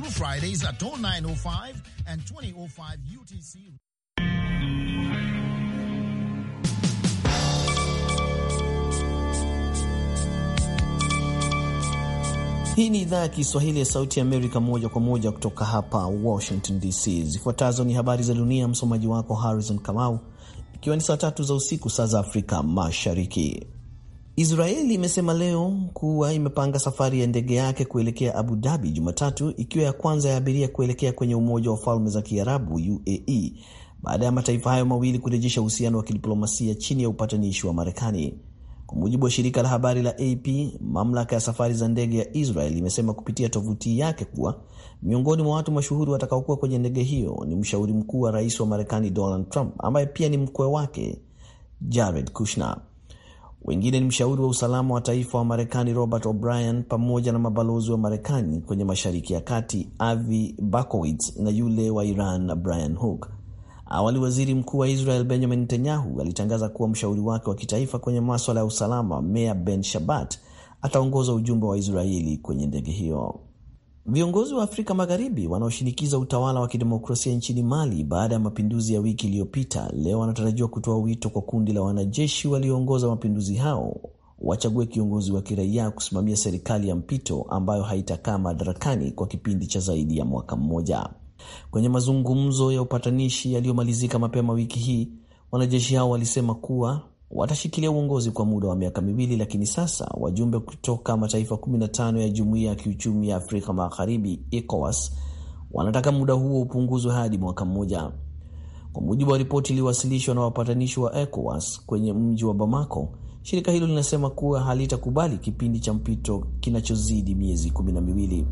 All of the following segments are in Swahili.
through Fridays at 0905 and 2005 UTC. Hii ni idhaa ya Kiswahili ya Sauti ya Amerika moja kwa moja kutoka hapa Washington DC. Zifuatazo ni habari za dunia, msomaji wako Harrison Kamau, ikiwa ni saa tatu za usiku saa za Afrika Mashariki. Israeli imesema leo kuwa imepanga safari ya ndege yake kuelekea Abu Dhabi Jumatatu, ikiwa ya kwanza ya abiria kuelekea kwenye Umoja wa Falme za Kiarabu UAE baada ya mataifa hayo mawili kurejesha uhusiano wa kidiplomasia chini ya upatanishi wa Marekani. Kwa mujibu wa shirika la habari la AP, mamlaka ya safari za ndege ya Israel imesema kupitia tovuti yake kuwa miongoni mwa watu mashuhuri watakaokuwa kwenye ndege hiyo ni mshauri mkuu wa rais wa Marekani Donald Trump, ambaye pia ni mkwe wake Jared Kushner. Wengine ni mshauri wa usalama wa taifa wa Marekani Robert O'Brien pamoja na mabalozi wa Marekani kwenye Mashariki ya Kati Avi bakowitz na yule wa Iran Brian Hook. Awali waziri mkuu wa Israel Benjamin Netanyahu alitangaza kuwa mshauri wake wa kitaifa kwenye maswala ya usalama Meir Ben Shabat ataongoza ujumbe wa Israeli kwenye ndege hiyo. Viongozi wa Afrika Magharibi wanaoshinikiza utawala wa kidemokrasia nchini Mali baada ya mapinduzi ya wiki iliyopita leo wanatarajiwa kutoa wito kwa kundi la wanajeshi walioongoza mapinduzi hao wachague kiongozi wa kiraia kusimamia serikali ya mpito ambayo haitakaa madarakani kwa kipindi cha zaidi ya mwaka mmoja. Kwenye mazungumzo ya upatanishi yaliyomalizika mapema wiki hii, wanajeshi hao walisema kuwa watashikilia uongozi kwa muda wa miaka miwili, lakini sasa wajumbe kutoka mataifa 15 ya Jumuiya ya Kiuchumi ya Afrika Magharibi ECOWAS wanataka muda huo upunguzwe hadi mwaka mmoja, kwa mujibu wa ripoti iliyowasilishwa na wapatanishi wa ECOWAS kwenye mji wa Bamako. Shirika hilo linasema kuwa halitakubali kipindi cha mpito kinachozidi miezi kumi na miwili.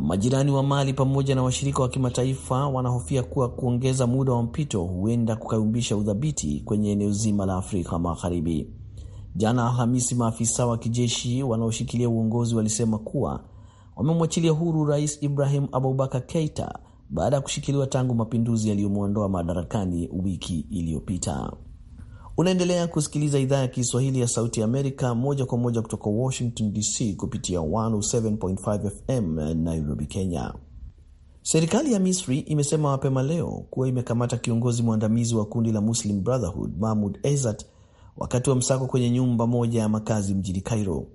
Majirani wa Mali pamoja na washirika wa kimataifa wanahofia kuwa kuongeza muda wa mpito huenda kukayumbisha udhabiti kwenye eneo zima la Afrika Magharibi. Jana Alhamisi, maafisa wa kijeshi wanaoshikilia uongozi walisema kuwa wamemwachilia huru Rais Ibrahim Abubakar Keita baada ya kushikiliwa tangu mapinduzi yaliyomwondoa madarakani wiki iliyopita. Unaendelea kusikiliza idhaa ya Kiswahili ya Sauti Amerika moja kwa moja kutoka Washington DC kupitia 107.5 FM Nairobi, Kenya. Serikali ya Misri imesema mapema leo kuwa imekamata kiongozi mwandamizi wa kundi la Muslim Brotherhood Mahmud Ezzat wakati wa msako kwenye nyumba moja ya makazi mjini Cairo.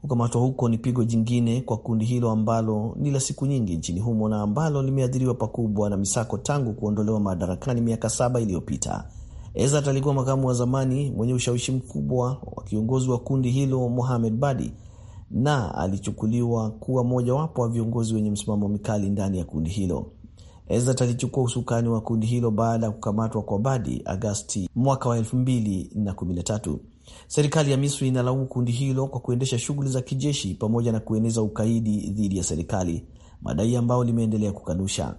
Kukamatwa huko ni pigo jingine kwa kundi hilo ambalo ni la siku nyingi nchini humo na ambalo limeathiriwa pakubwa na misako tangu kuondolewa madarakani miaka saba iliyopita. Ezat alikuwa makamu wa zamani mwenye ushawishi mkubwa wa kiongozi wa kundi hilo Mohamed Badi na alichukuliwa kuwa mojawapo wa viongozi wenye msimamo mikali ndani ya kundi hilo. Ezat alichukua usukani wa kundi hilo baada ya kukamatwa kwa Badi Agasti mwaka wa tatu. Serikali ya Misri inalaumu kundi hilo kwa kuendesha shughuli za kijeshi pamoja na kueneza ukaidi dhidi ya serikali, madai ambayo limeendelea kukanusha.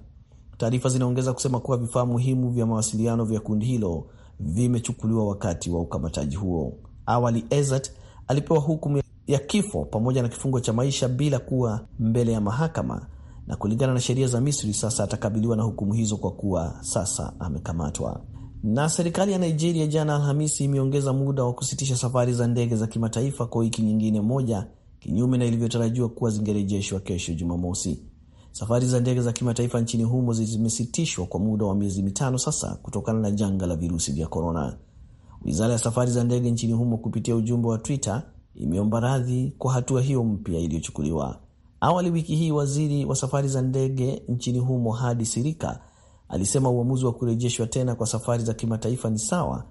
Taarifa zinaongeza kusema kuwa vifaa muhimu vya mawasiliano vya kundi hilo vimechukuliwa wakati wa ukamataji huo. Awali Ezat alipewa hukumu ya kifo pamoja na kifungo cha maisha bila kuwa mbele ya mahakama, na kulingana na sheria za Misri sasa atakabiliwa na hukumu hizo kwa kuwa sasa amekamatwa. Na serikali ya Nigeria jana Alhamisi imeongeza muda wa kusitisha safari za ndege za kimataifa kwa wiki nyingine moja, kinyume na ilivyotarajiwa kuwa zingerejeshwa kesho Jumamosi. Safari za ndege za kimataifa nchini humo zimesitishwa kwa muda wa miezi mitano sasa kutokana na janga la virusi vya korona. Wizara ya safari za ndege nchini humo kupitia ujumbe wa Twitter imeomba radhi kwa hatua hiyo mpya iliyochukuliwa. Awali wiki hii, waziri wa safari za ndege nchini humo Hadi Sirika alisema uamuzi wa kurejeshwa tena kwa safari za kimataifa ni sawa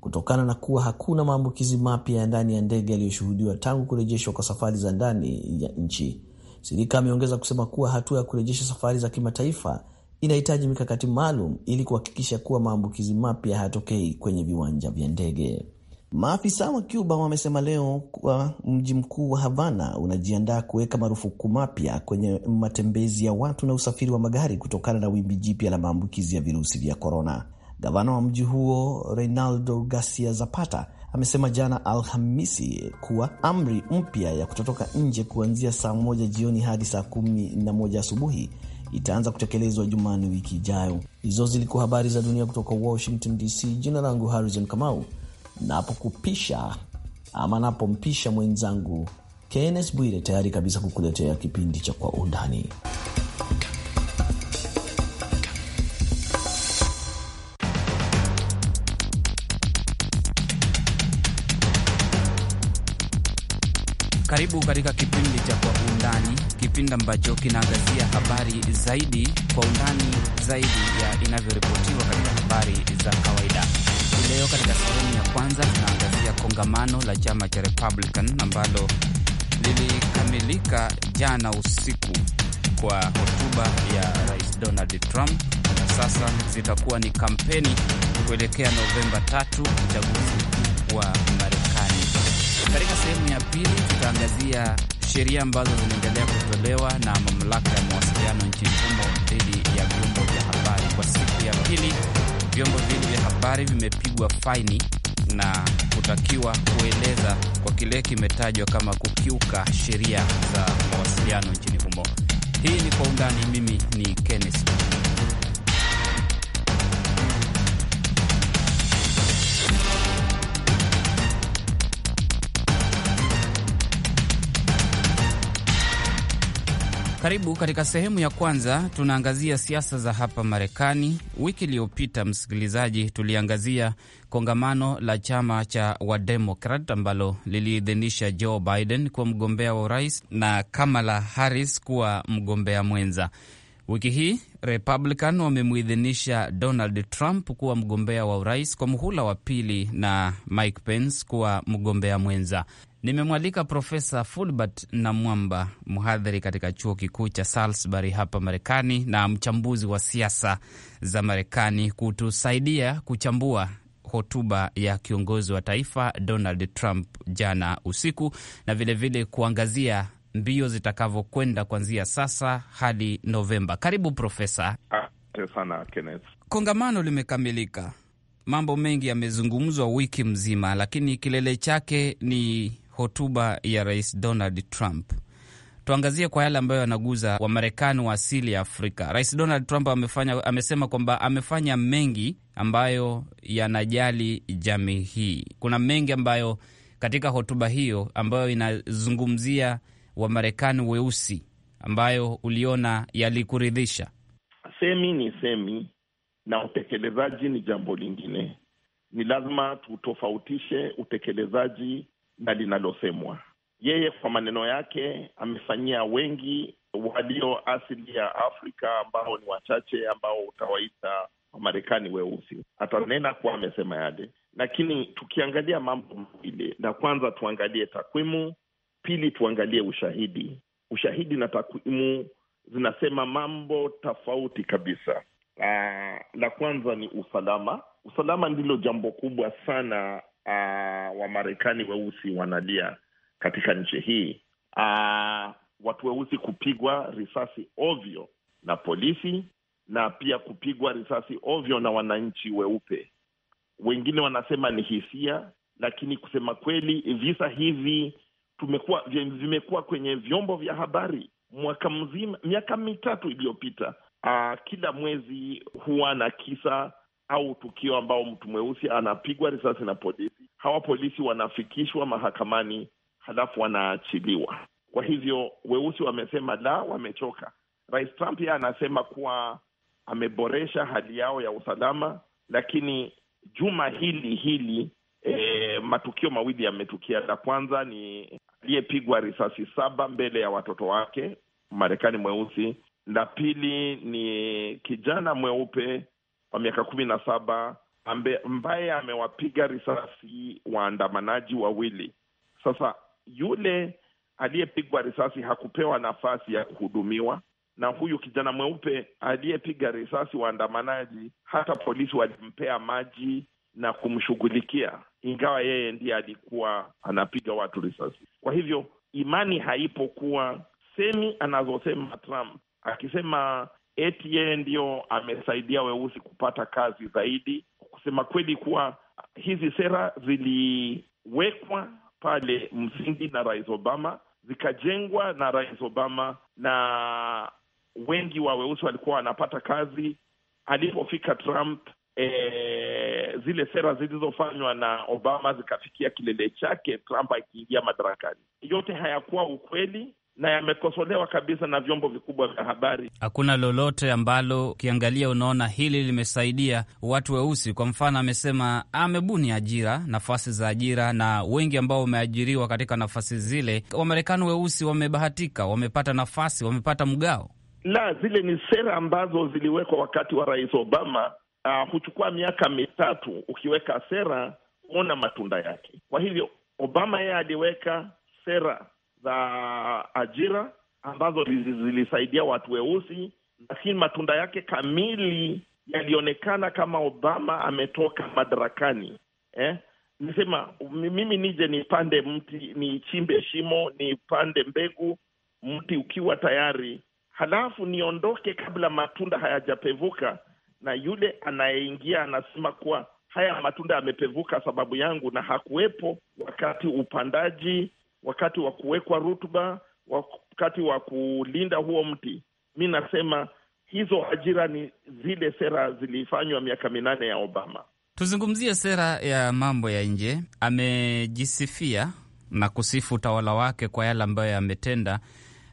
kutokana na kuwa hakuna maambukizi mapya ya ndani ya ndege yaliyoshuhudiwa tangu kurejeshwa kwa safari za ndani ya nchi. Sirika ameongeza kusema kuwa hatua ya kurejesha safari za kimataifa inahitaji mikakati maalum ili kuhakikisha kuwa maambukizi mapya hayatokei kwenye viwanja vya ndege. Maafisa wa Cuba wamesema leo kuwa mji mkuu wa Havana unajiandaa kuweka marufuku mapya kwenye matembezi ya watu na usafiri wa magari kutokana na wimbi jipya la maambukizi ya virusi vya korona. Gavana wa mji huo Reinaldo Garcia Zapata amesema jana Alhamisi kuwa amri mpya ya kutotoka nje kuanzia saa moja jioni hadi saa kumi na moja asubuhi itaanza kutekelezwa Jumanne wiki ijayo. Hizo zilikuwa habari za dunia kutoka Washington DC. Jina langu Harrison Kamau, napokupisha ama napompisha mwenzangu Kennes Bwire, tayari kabisa kukuletea kipindi cha Kwa Undani. Karibu katika kipindi cha Kwa Undani, kipindi ambacho kinaangazia habari zaidi kwa undani zaidi ya inavyoripotiwa katika habari za kawaida. Hii leo katika sehemu ya kwanza tunaangazia kongamano la chama cha Republican ambalo lilikamilika jana usiku kwa hotuba ya Rais Donald Trump, na sasa zitakuwa ni kampeni kuelekea Novemba tatu, uchaguzi mkuu ya sheria ambazo zinaendelea kutolewa na mamlaka ya mawasiliano nchini humo dhidi ya vyombo vya habari. Kwa siku ya pili, vyombo vingi vya habari vimepigwa faini na kutakiwa kueleza kwa kile kimetajwa kama kukiuka sheria za mawasiliano nchini humo. Hii ni kwa undani. Mimi ni Kenneth Karibu katika sehemu ya kwanza, tunaangazia siasa za hapa Marekani. Wiki iliyopita, msikilizaji, tuliangazia kongamano la chama cha Wademokrat ambalo liliidhinisha Joe Biden kuwa mgombea wa urais na Kamala Harris kuwa mgombea mwenza. Wiki hii Republican wamemwidhinisha Donald Trump kuwa mgombea wa urais kwa muhula wa pili na Mike Pence kuwa mgombea mwenza. Nimemwalika Profesa Fulbert Namwamba, mhadhiri katika chuo kikuu cha Salisbury hapa Marekani na mchambuzi wa siasa za Marekani, kutusaidia kuchambua hotuba ya kiongozi wa taifa Donald Trump jana usiku na vilevile vile kuangazia mbio zitakavyokwenda kuanzia sasa hadi Novemba. Karibu Profesa. Asante sana Kenneth. Kongamano limekamilika, mambo mengi yamezungumzwa wiki mzima, lakini kilele chake ni hotuba ya Rais Donald Trump. Tuangazie kwa yale ambayo yanaguza Wamarekani wa asili ya Afrika. Rais Donald Trump amefanya, amesema kwamba amefanya mengi ambayo yanajali jamii hii. Kuna mengi ambayo katika hotuba hiyo ambayo inazungumzia wa Marekani weusi ambayo uliona yalikuridhisha? Semi ni semi na utekelezaji ni jambo lingine. Ni lazima tutofautishe utekelezaji na linalosemwa. Yeye kwa maneno yake amefanyia wengi walio asili ya Afrika ambao ni wachache ambao utawaita Wamarekani weusi, atanena kuwa amesema yale, lakini tukiangalia mambo mawili, la kwanza tuangalie takwimu Pili, tuangalie ushahidi. Ushahidi na takwimu zinasema mambo tofauti kabisa. Uh, la kwanza ni usalama. Usalama ndilo jambo kubwa sana uh, ah, Wamarekani weusi wanalia katika nchi hii. Uh, watu weusi kupigwa risasi ovyo na polisi na pia kupigwa risasi ovyo na wananchi weupe. Wengine wanasema ni hisia, lakini kusema kweli, visa hivi tumekuwa vimekuwa kwenye vyombo vya habari mwaka mzima, miaka mitatu iliyopita. Uh, kila mwezi huwa na kisa au tukio ambao mtu mweusi anapigwa risasi na polisi. Hawa polisi wanafikishwa mahakamani, halafu wanaachiliwa. Kwa hivyo weusi wamesema la, wamechoka. Rais Trump yeye anasema kuwa ameboresha hali yao ya usalama, lakini juma hili hili e, matukio mawili yametukia. La kwanza ni aliyepigwa risasi saba mbele ya watoto wake, Marekani mweusi. La pili ni kijana mweupe wa miaka kumi na saba ambaye amewapiga risasi waandamanaji wawili. Sasa yule aliyepigwa risasi hakupewa nafasi ya kuhudumiwa, na huyu kijana mweupe aliyepiga risasi waandamanaji, hata polisi walimpea maji na kumshughulikia ingawa yeye ndiye alikuwa anapiga watu risasi. Kwa hivyo imani haipo kuwa semi anazosema Trump akisema eti yeye ndio amesaidia weusi kupata kazi zaidi, kusema kweli kuwa hizi sera ziliwekwa pale msingi na Rais Obama, zikajengwa na Rais Obama, na wengi wa weusi walikuwa wanapata kazi. Alipofika Trump e, zile sera zilizofanywa na Obama zikafikia kilele chake Trump akiingia madarakani. Yote hayakuwa ukweli na yamekosolewa kabisa na vyombo vikubwa vya habari. Hakuna lolote ambalo ukiangalia unaona hili limesaidia watu weusi. Kwa mfano, amesema amebuni ajira, nafasi za ajira, na wengi ambao wameajiriwa katika nafasi zile Wamarekani weusi wamebahatika, wamepata nafasi, wamepata mgao. La, zile ni sera ambazo ziliwekwa wakati wa Rais Obama uh, huchukua miaka mitatu ukiweka sera kuona matunda yake. Kwa hivyo Obama yeye aliweka sera za ajira ambazo zilisaidia watu weusi, lakini matunda yake kamili yalionekana kama Obama ametoka madarakani eh? Nisema mimi nije nipande mti, nichimbe shimo, nipande mbegu, mti ukiwa tayari, halafu niondoke kabla matunda hayajapevuka na yule anayeingia anasema kuwa haya matunda yamepevuka sababu yangu, na hakuwepo wakati upandaji, wakati wa kuwekwa rutuba, wakati wa kulinda huo mti. Mi nasema hizo ajira ni zile sera zilifanywa miaka minane ya Obama. Tuzungumzie sera ya mambo ya nje. Amejisifia na kusifu utawala wake kwa yale ambayo yametenda,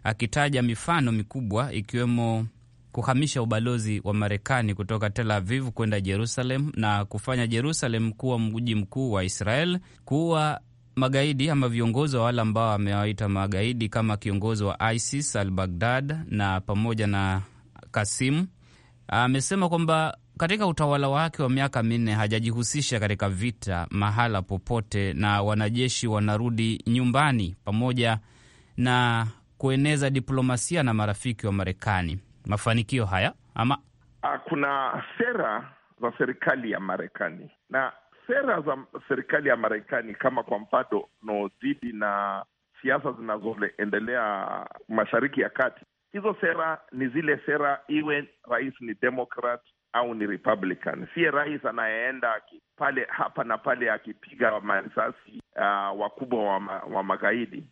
akitaja mifano mikubwa ikiwemo kuhamisha ubalozi wa Marekani kutoka Tel Aviv kwenda Jerusalem na kufanya Jerusalem kuwa mji mkuu wa Israel, kuwa magaidi ama viongozi wa wale ambao amewaita magaidi kama kiongozi wa ISIS al Baghdad na pamoja na Kasim. Amesema kwamba katika utawala wake wa miaka minne hajajihusisha katika vita mahala popote, na wanajeshi wanarudi nyumbani, pamoja na kueneza diplomasia na marafiki wa Marekani mafanikio haya ama? Ah, kuna sera za serikali ya Marekani na sera za serikali ya Marekani kama kwa mfano dhidi na siasa zinazoendelea Mashariki ya Kati, hizo sera ni zile sera, iwe rais ni Democrat au ni Republican. Siye rais anayeenda pale hapa na pale akipiga marisasi uh, wakubwa wa, ma, wa magaidi.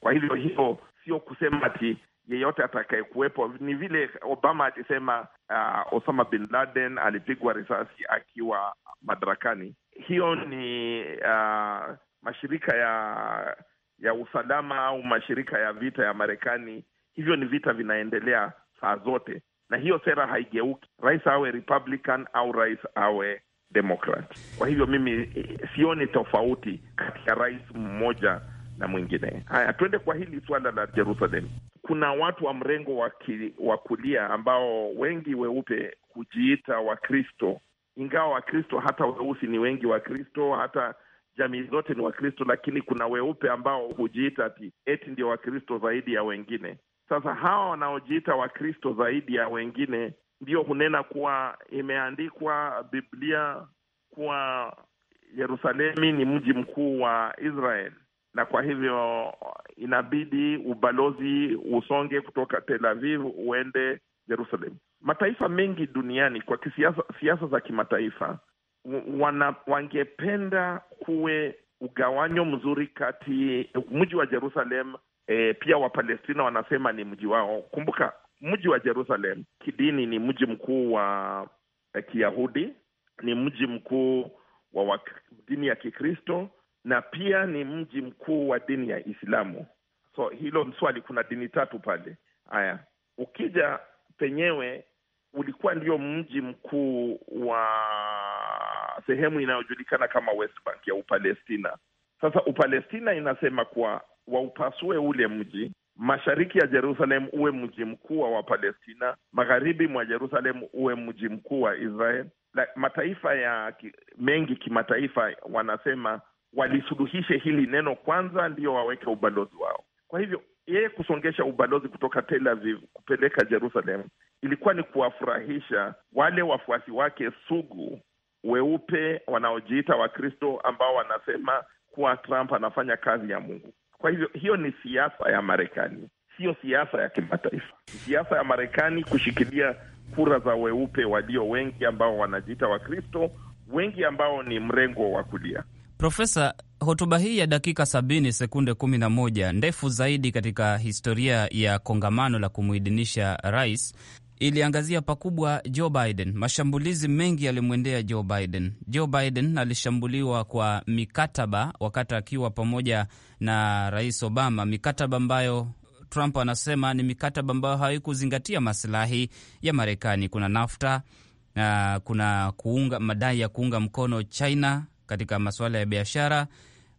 Kwa hivyo hiyo sio kusema ati yeyote atakayekuwepo. Ni vile Obama alisema uh, Osama bin Laden alipigwa risasi akiwa madarakani. Hiyo ni uh, mashirika ya ya usalama au mashirika ya vita ya Marekani. Hivyo ni vita vinaendelea saa zote, na hiyo sera haigeuki, rais awe Republican au rais awe Democrat. Kwa hivyo mimi eh, sioni tofauti kati ya rais mmoja na mwingine. Haya, tuende kwa hili suala la Jerusalem kuna watu wa mrengo wa kulia ambao wengi weupe hujiita Wakristo, ingawa Wakristo hata weusi ni wengi Wakristo, hata jamii zote ni Wakristo, lakini kuna weupe ambao hujiita ati eti ndio Wakristo zaidi ya wengine. Sasa hawa wanaojiita Wakristo zaidi ya wengine ndio hunena kuwa imeandikwa Biblia kuwa Yerusalemi ni mji mkuu wa Israel na kwa hivyo inabidi ubalozi usonge kutoka Tel Aviv uende Jerusalem. Mataifa mengi duniani kwa kisiasa, siasa za kimataifa wana, wangependa kuwe ugawanyo mzuri kati mji wa Jerusalem e, pia Wapalestina wanasema ni mji wao. Kumbuka mji wa Jerusalem kidini ni mji mkuu wa eh, Kiyahudi, ni mji mkuu wa dini ya Kikristo na pia ni mji mkuu wa dini ya Islamu. So hilo mswali kuna dini tatu pale. Haya, ukija penyewe ulikuwa ndio mji mkuu wa sehemu inayojulikana kama West Bank ya Upalestina. Sasa Upalestina inasema kuwa waupasue ule mji, mashariki ya Jerusalem uwe mji mkuu wa Wapalestina, magharibi mwa Jerusalem uwe mji mkuu wa Israel. La, mataifa ya mengi kimataifa wanasema walisuluhishe hili neno kwanza, ndio waweke ubalozi wao. Kwa hivyo yeye kusongesha ubalozi kutoka Tel Aviv kupeleka Jerusalem ilikuwa ni kuwafurahisha wale wafuasi wake sugu weupe wanaojiita Wakristo ambao wanasema kuwa Trump anafanya kazi ya Mungu. Kwa hivyo hiyo ni siasa ya Marekani, siyo siasa ya kimataifa. Siasa ya Marekani kushikilia kura za weupe walio wengi ambao wanajiita Wakristo, wengi ambao ni mrengo wa kulia. Profesa, hotuba hii ya dakika sabini sekunde 11 ndefu zaidi katika historia ya kongamano la kumuidhinisha rais iliangazia pakubwa Joe Biden. Mashambulizi mengi yalimwendea Joe Biden. Joe Biden alishambuliwa kwa mikataba wakati akiwa pamoja na Rais Obama, mikataba ambayo Trump anasema ni mikataba ambayo haikuzingatia masilahi ya Marekani. Kuna NAFTA na uh, kuna kuunga madai ya kuunga mkono China katika masuala ya biashara,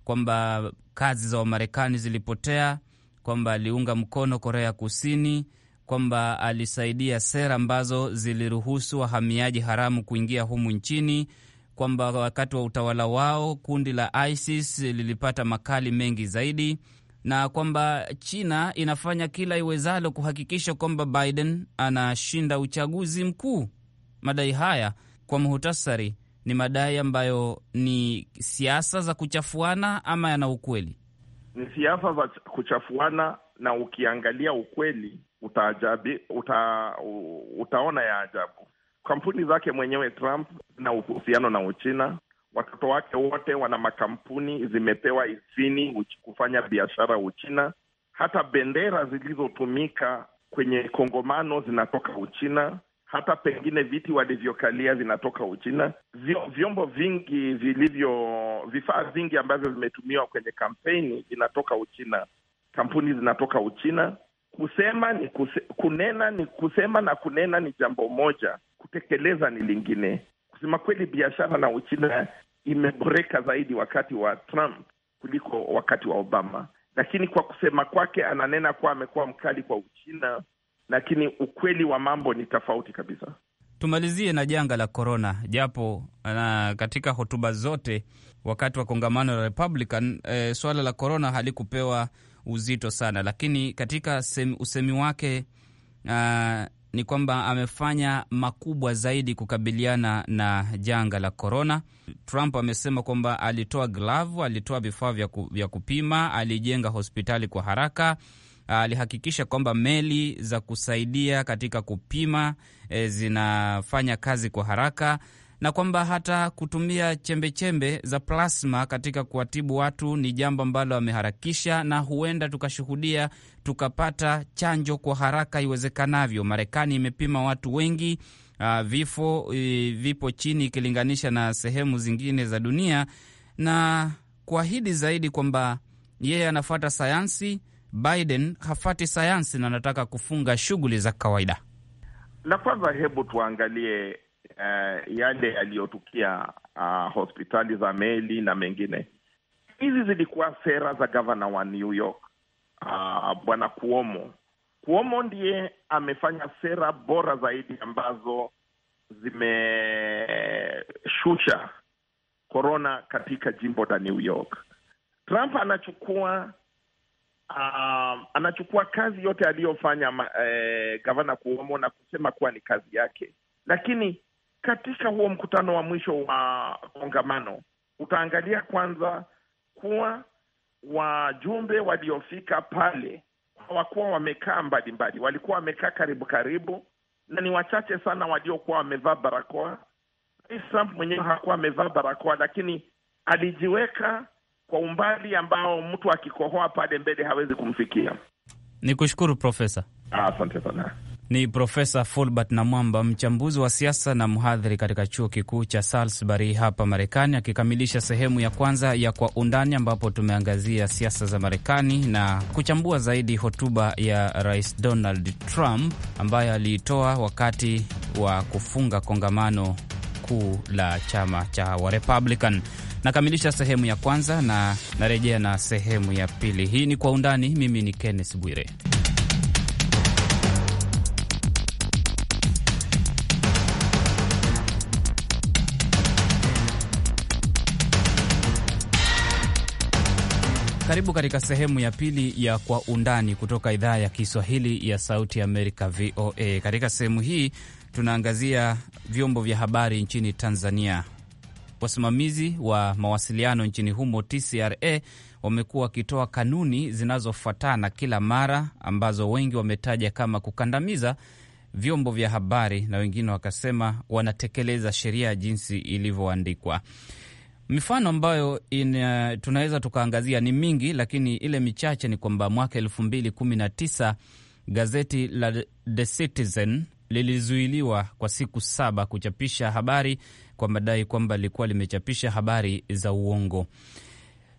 kwamba kazi za Wamarekani zilipotea, kwamba aliunga mkono Korea Kusini, kwamba alisaidia sera ambazo ziliruhusu wahamiaji haramu kuingia humu nchini, kwamba wakati wa utawala wao kundi la ISIS lilipata makali mengi zaidi na kwamba China inafanya kila iwezalo kuhakikisha kwamba Biden anashinda uchaguzi mkuu. Madai haya kwa muhtasari ni madai ambayo ni siasa za kuchafuana ama yana ukweli? Ni siasa za kuchafuana, na ukiangalia ukweli utaajabi, uta, utaona ya ajabu. Kampuni zake mwenyewe Trump zina uhusiano na Uchina. Watoto wake wote wana makampuni, zimepewa idhini kufanya biashara Uchina. Hata bendera zilizotumika kwenye kongamano zinatoka Uchina hata pengine viti walivyokalia vinatoka Uchina. Vyombo vingi vilivyo, vifaa vingi ambavyo vimetumiwa kwenye kampeni vinatoka Uchina, kampuni zinatoka Uchina. Kusema ni kuse, kunena ni kusema na kunena ni jambo moja, kutekeleza ni lingine. Kusema kweli, biashara na Uchina imeboreka zaidi wakati wa Trump kuliko wakati wa Obama, lakini kwa kusema kwake ananena kuwa amekuwa mkali kwa Uchina lakini ukweli wa mambo ni tofauti kabisa. Tumalizie na janga la korona, japo na katika hotuba zote wakati wa kongamano la Republican e, swala la korona halikupewa uzito sana, lakini katika sem, usemi wake a, ah, ni kwamba amefanya makubwa zaidi kukabiliana na janga la korona. Trump amesema kwamba alitoa glavu, alitoa vifaa vya kupima, alijenga hospitali kwa haraka alihakikisha kwamba meli za kusaidia katika kupima e, zinafanya kazi kwa haraka na kwamba hata kutumia chembechembe -chembe za plasma katika kuwatibu watu ni jambo ambalo ameharakisha, na huenda tukashuhudia tukapata chanjo kwa haraka iwezekanavyo. Marekani imepima watu wengi uh, vifo uh, vipo chini ikilinganisha na sehemu zingine za dunia, na kuahidi zaidi kwamba yeye anafuata sayansi Biden hafati sayansi na anataka kufunga shughuli za kawaida. La kwanza, hebu tuangalie uh, yale yaliyotukia uh, hospitali za meli na mengine. Hizi zilikuwa sera za gavana wa New York uh, bwana Cuomo. Cuomo ndiye amefanya sera bora zaidi ambazo zimeshusha korona katika jimbo la New York. Trump anachukua uh, anachukua kazi yote aliyofanya eh, gavana Cuomo na kusema kuwa ni kazi yake, lakini katika huo mkutano wa mwisho wa kongamano utaangalia kwanza kuwa wajumbe waliofika pale hawakuwa wamekaa mbalimbali, walikuwa wamekaa karibu karibu, na ni wachache sana waliokuwa wamevaa barakoa. Rais Trump mwenyewe hakuwa amevaa barakoa, lakini alijiweka kwa umbali ambao mtu akikohoa pale mbele hawezi kumfikia. Ni kushukuru Profesa, asante sana. Ni Profesa Fulbert Namwamba, mchambuzi wa siasa na mhadhiri katika chuo kikuu cha Salisbury hapa Marekani, akikamilisha sehemu ya kwanza ya Kwa Undani, ambapo tumeangazia siasa za Marekani na kuchambua zaidi hotuba ya Rais Donald Trump ambayo aliitoa wakati wa kufunga kongamano kuu la chama cha Warepublican. Nakamilisha sehemu ya kwanza na narejea na sehemu ya pili. Hii ni Kwa Undani. Mimi ni Kenneth Bwire. Karibu katika sehemu ya pili ya Kwa Undani kutoka idhaa ya Kiswahili ya Sauti Amerika, VOA. Katika sehemu hii tunaangazia vyombo vya habari nchini Tanzania Wasimamizi wa mawasiliano nchini humo TCRA wamekuwa wakitoa kanuni zinazofuatana kila mara, ambazo wengi wametaja kama kukandamiza vyombo vya habari na wengine wakasema wanatekeleza sheria jinsi ilivyoandikwa. Mifano ambayo tunaweza tukaangazia ni mingi, lakini ile michache ni kwamba mwaka elfu mbili kumi na tisa gazeti la The Citizen lilizuiliwa kwa siku saba kuchapisha habari kwa madai kwamba lilikuwa limechapisha habari za uongo.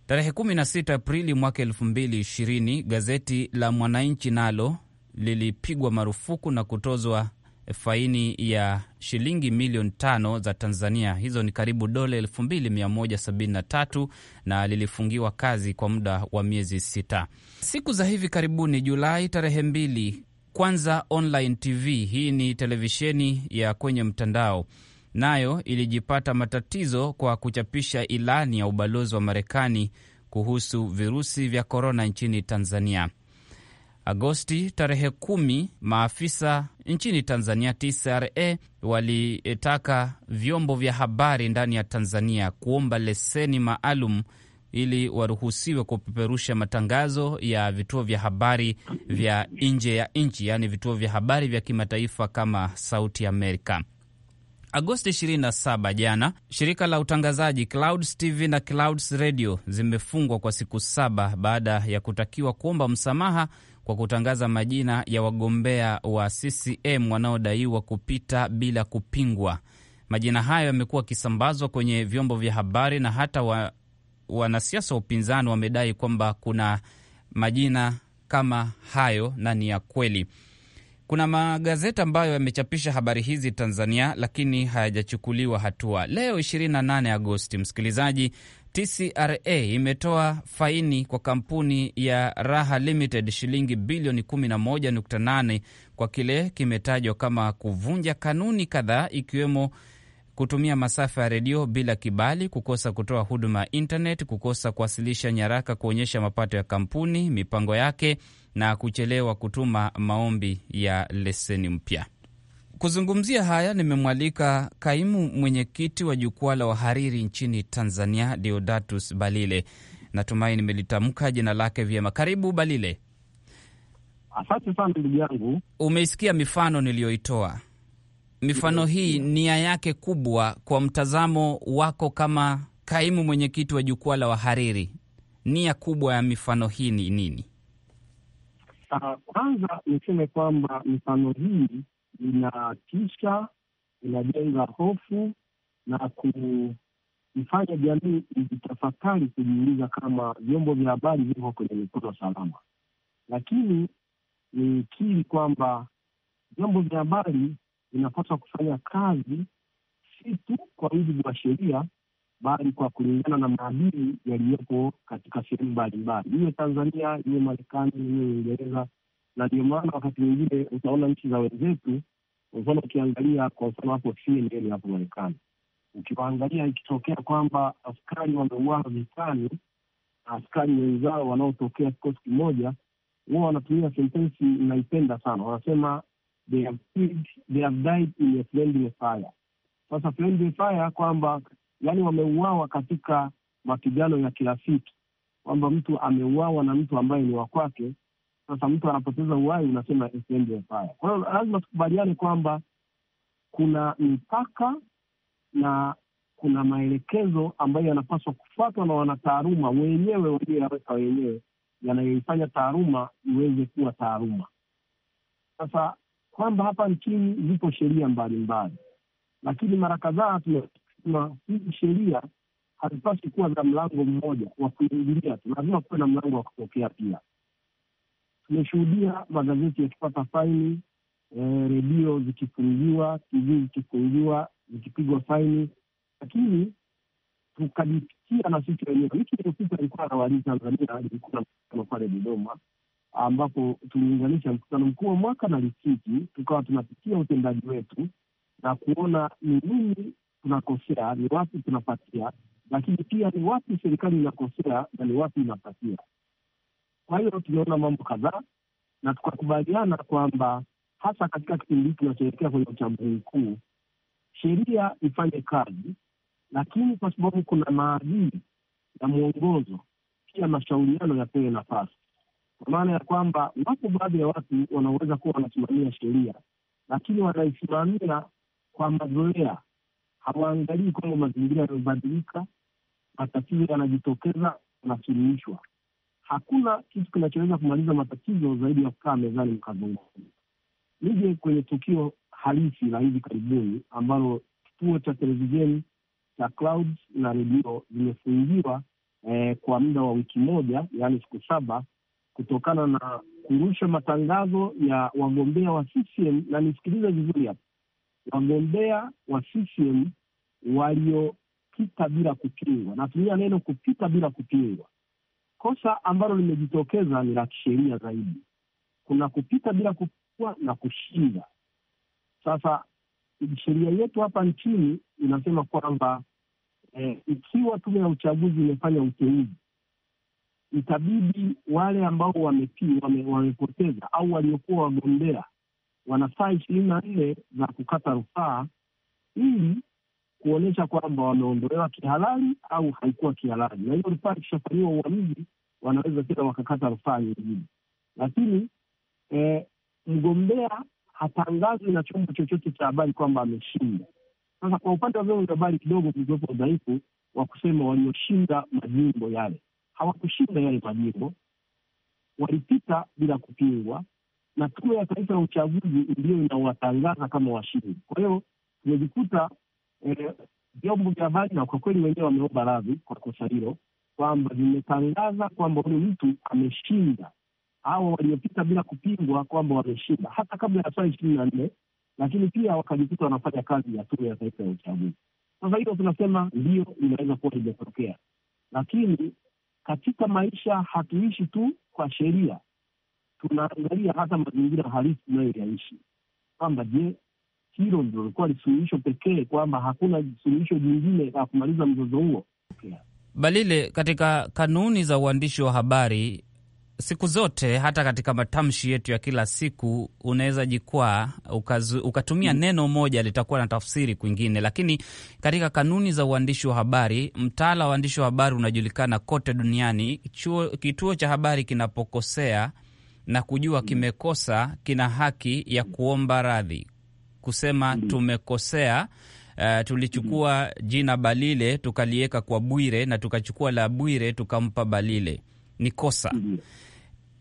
Tarehe 16 Aprili mwaka 2020 gazeti la Mwananchi nalo lilipigwa marufuku na kutozwa faini ya shilingi milioni tano za Tanzania. Hizo ni karibu dola 2173 na lilifungiwa kazi kwa muda wa miezi sita. Siku za hivi karibuni, Julai tarehe mbili kwanza Online TV, hii ni televisheni ya kwenye mtandao, nayo ilijipata matatizo kwa kuchapisha ilani ya ubalozi wa Marekani kuhusu virusi vya korona nchini Tanzania. Agosti tarehe kumi, maafisa nchini Tanzania TCRA walitaka vyombo vya habari ndani ya Tanzania kuomba leseni maalum ili waruhusiwe kupeperusha matangazo ya vituo vya habari vya nje ya nchi, yaani vituo vya habari vya kimataifa kama Sauti Amerika. Agosti 27 jana, shirika la utangazaji Clouds TV na Clouds Radio zimefungwa kwa siku saba baada ya kutakiwa kuomba msamaha kwa kutangaza majina ya wagombea wa CCM wanaodaiwa kupita bila kupingwa. Majina hayo yamekuwa akisambazwa kwenye vyombo vya habari na hata wa wanasiasa wa upinzani wamedai kwamba kuna majina kama hayo na ni ya kweli. Kuna magazeti ambayo yamechapisha habari hizi Tanzania, lakini hayajachukuliwa hatua. Leo 28 Agosti, msikilizaji, TCRA imetoa faini kwa kampuni ya Raha Limited shilingi bilioni 11.8 kwa kile kimetajwa kama kuvunja kanuni kadhaa ikiwemo kutumia masafa ya redio bila kibali, kukosa kutoa huduma ya intnet kukosa kuwasilisha nyaraka kuonyesha mapato ya kampuni, mipango yake na kuchelewa kutuma maombi ya leseni mpya. Kuzungumzia haya nimemwalika kaimu mwenyekiti wa jukwaa la wahariri nchini Tanzania, Deodatus Balile. Natumai nimelitamka jina lake vyema. Karibu Balile. Asante sana ndugu yangu. Umeisikia mifano niliyoitoa Mifano hii nia yake kubwa, kwa mtazamo wako kama kaimu mwenyekiti wa jukwaa la wahariri, nia kubwa ya mifano hii ni nini? Uh, kwanza niseme kwamba mifano hii inatisha, inajenga hofu na kumfanya jamii ijitafakari, kujiuliza kama vyombo vya habari viko kwenye mikono salama. Lakini nikiri kwamba vyombo vya habari inapaswa kufanya kazi si tu kwa mujibu wa sheria, bali kwa kulingana na maadili yaliyopo katika sehemu mbalimbali, iwe Tanzania, iwe Marekani, iwe Uingereza. Na ndio maana wakati mwingine utaona nchi za wenzetu, kwa mfano ukiangalia, kwa mfano hapo CNN hapo Marekani, ukiwaangalia ikitokea kwamba askari wameuawa vitani na askari wenzao wanaotokea kikosi kimoja, huwa wanatumia sentensi inaipenda sana, wanasema they have killed, they have died in a friendly fire. Sasa friendly fire kwamba yani wameuawa katika mapigano ya kirafiki, kwamba mtu ameuawa na mtu ambaye ni wa kwake. Sasa mtu anapoteza uhai unasema friendly fire. Kwa hiyo lazima tukubaliane kwamba kuna mipaka na kuna maelekezo ambayo yanapaswa kufuatwa na wanataaluma wenyewe walioyaweka wenyewe, yanayoifanya taaluma iweze kuwa taaluma. Sasa kwamba hapa nchini zipo sheria mbalimbali, lakini mara kadhaa tumesema hizi sheria hazipasi kuwa za mlango mmoja wa kuingilia tu, lazima kuwe na mlango wa kutokea pia. Tumeshuhudia magazeti yakipata faini, e, redio zikifungiwa, TV zikifungiwa, zikipigwa faini, lakini tukajipitia na sisi wenyewe. Wiki iliyopita alikuwa anawaliza Tanzania, alikuwa na mkutano pale Dodoma ambapo tuliunganisha mkutano mkuu wa mwaka na Lisiki, tukawa tunapitia utendaji wetu na kuona ni nini tunakosea, ni wapi tunapatia, lakini pia ni wapi serikali inakosea na ni wapi inapatia. Kwa hiyo tumeona mambo kadhaa na tukakubaliana kwamba hasa katika kipindi hiki kinachoelekea kwenye uchaguzi mkuu, sheria ifanye kazi, lakini kwa sababu kuna maadili na mwongozo, pia mashauriano yapewe nafasi kwa maana ya kwamba wapo baadhi ya watu wanaoweza kuwa wanasimamia sheria, lakini wanaisimamia kwa mazoea, hawaangalii kwamba mazingira yamebadilika, matatizo yanajitokeza, yanasuluhishwa. Hakuna kitu kinachoweza kumaliza matatizo zaidi ya kukaa mezani mkazungumza. Nije kwenye tukio halisi la hivi karibuni ambalo kituo cha televisheni cha Clouds na redio zimefungiwa eh, kwa muda wa wiki moja, yaani siku saba kutokana na kurusha matangazo ya wagombea wa CCM, na nisikilize vizuri hapa, wagombea wa CCM waliopita bila kupingwa. Natumia neno kupita bila kupingwa. Kosa ambalo limejitokeza ni la kisheria zaidi, kuna kupita bila kupingwa na kushinda. Sasa sheria yetu hapa nchini inasema kwamba eh, ikiwa tume ya uchaguzi imefanya uteuzi itabidi wale ambao wamepingwa, wamepoteza au waliokuwa wagombea wana saa ishirini na nne za kukata rufaa ili kuonyesha kwamba wameondolewa kihalali au haikuwa kihalali, na hiyo rufaa ikishafanyiwa uamuzi wanaweza tena wakakata rufaa nyingine. Lakini e, mgombea hatangazwi na chombo chochote cha habari kwamba ameshinda. Sasa kwa upande wa vyombo vya habari kidogo kulikuwepo udhaifu wa kusema walioshinda majimbo yale, hawakushinda yale majimbo, walipita bila kupingwa, na Tume ya Taifa ya Uchaguzi ndiyo inawatangaza kama washindi. Kwa hiyo tumejikuta eh, vyombo eh, vya habari na kwa kweli wenyewe wameomba radhi kwa kosa hilo, kwamba vimetangaza kwamba huyu mtu ameshinda, hawa waliopita bila kupingwa kwamba wameshinda hata kabla ya saa ishirini na nne, lakini pia wakajikuta wanafanya kazi ya Tume ya Taifa ya Uchaguzi. Sasa hilo tunasema ndio inaweza kuwa limetokea lakini katika maisha hatuishi tu kwa sheria, tunaangalia hata mazingira halisi yaishi kwamba je, hilo ndilo likuwa lisuluhisho pekee, kwamba hakuna suluhisho jingine la kumaliza mzozo huo? Balile, katika kanuni za uandishi wa habari siku zote, hata katika matamshi yetu ya kila siku, unaweza jikwaa ukatumia mm. neno moja litakuwa na tafsiri kwingine, lakini katika kanuni za uandishi wa habari, mtaala wa uandishi wa habari unajulikana kote duniani. Chuo, kituo cha habari kinapokosea na kujua mm. kimekosa, kina haki ya kuomba radhi, kusema mm. tumekosea. Uh, tulichukua jina Balile tukaliweka kwa Bwire na tukachukua la Bwire tukampa Balile, ni kosa. Mm-hmm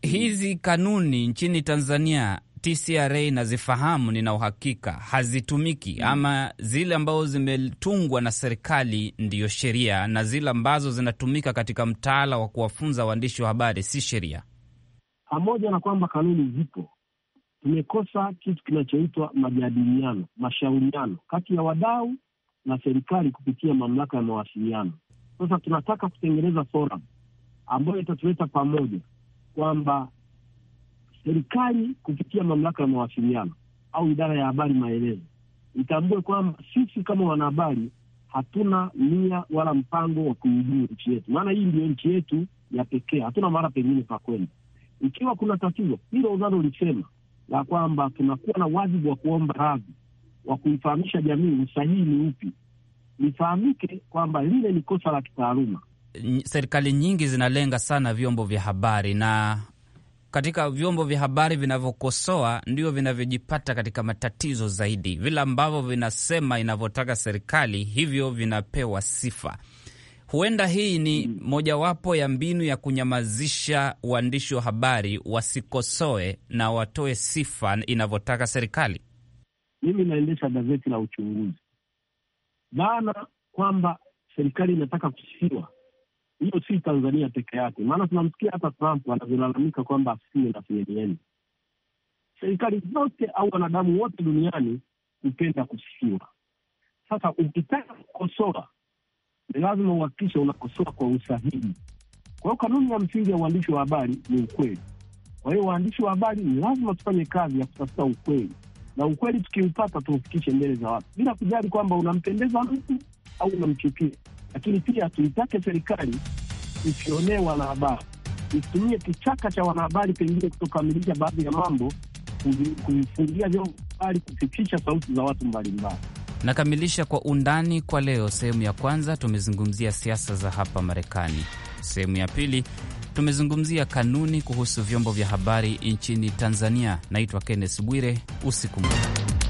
hizi kanuni nchini Tanzania TCRA inazifahamu, nina uhakika hazitumiki mm. Ama zile ambazo zimetungwa na serikali ndiyo sheria na zile ambazo zinatumika katika mtaala wa kuwafunza waandishi wa habari si sheria. Pamoja na kwamba kanuni zipo, tumekosa kitu kinachoitwa majadiliano, mashauriano kati ya wadau na serikali kupitia mamlaka ya mawasiliano. Sasa tunataka kutengeneza forum ambayo itatuleta pamoja kwamba serikali kupitia mamlaka ya mawasiliano au idara ya habari maelezo itambue kwamba sisi kama wanahabari hatuna nia wala mpango wa kuijua nchi yetu, maana hii ndio nchi yetu ya pekee, hatuna mara pengine pa kwenda. Ikiwa kuna tatizo hilo unalolisema la kwamba tunakuwa na wajibu wa kuomba radhi, wa kuifahamisha jamii usahihi ni upi, lifahamike kwamba lile ni kosa la kitaaluma serikali nyingi zinalenga sana vyombo vya habari na katika vyombo vya habari vinavyokosoa ndio vinavyojipata katika matatizo zaidi. Vile ambavyo vinasema inavyotaka serikali, hivyo vinapewa sifa. Huenda hii ni mojawapo ya mbinu ya kunyamazisha waandishi wa habari wasikosoe na watoe sifa inavyotaka serikali. Mimi naendesha gazeti la uchunguzi, maana kwamba serikali inataka kusifiwa hiyo si Tanzania peke yake, maana tunamsikia hata Trump anavyolalamika kwamba asiwe na CNN. Serikali zote au wanadamu wote duniani hupenda kusifiwa. Sasa ukitaka kukosoa, ni lazima uhakikishe unakosoa kwa usahihi. Kwa hiyo kanuni ya msingi ya uandishi wa habari ni ukweli. Kwa hiyo waandishi wa habari ni lazima tufanye kazi ya kutafuta ukweli, na ukweli tukiupata tuufikishe mbele za watu bila kujali kwamba unampendeza mtu au unamchukia lakini pia tuitake serikali isionee wanahabari, isitumie kichaka cha wanahabari pengine kutokamilisha baadhi ya mambo, kuvifungia vyombo mbali, kufikisha sauti za watu mbalimbali. Nakamilisha kwa undani kwa leo. Sehemu ya kwanza tumezungumzia siasa za hapa Marekani. Sehemu ya pili tumezungumzia kanuni kuhusu vyombo vya habari nchini Tanzania. Naitwa Kenneth Bwire, usiku mwema.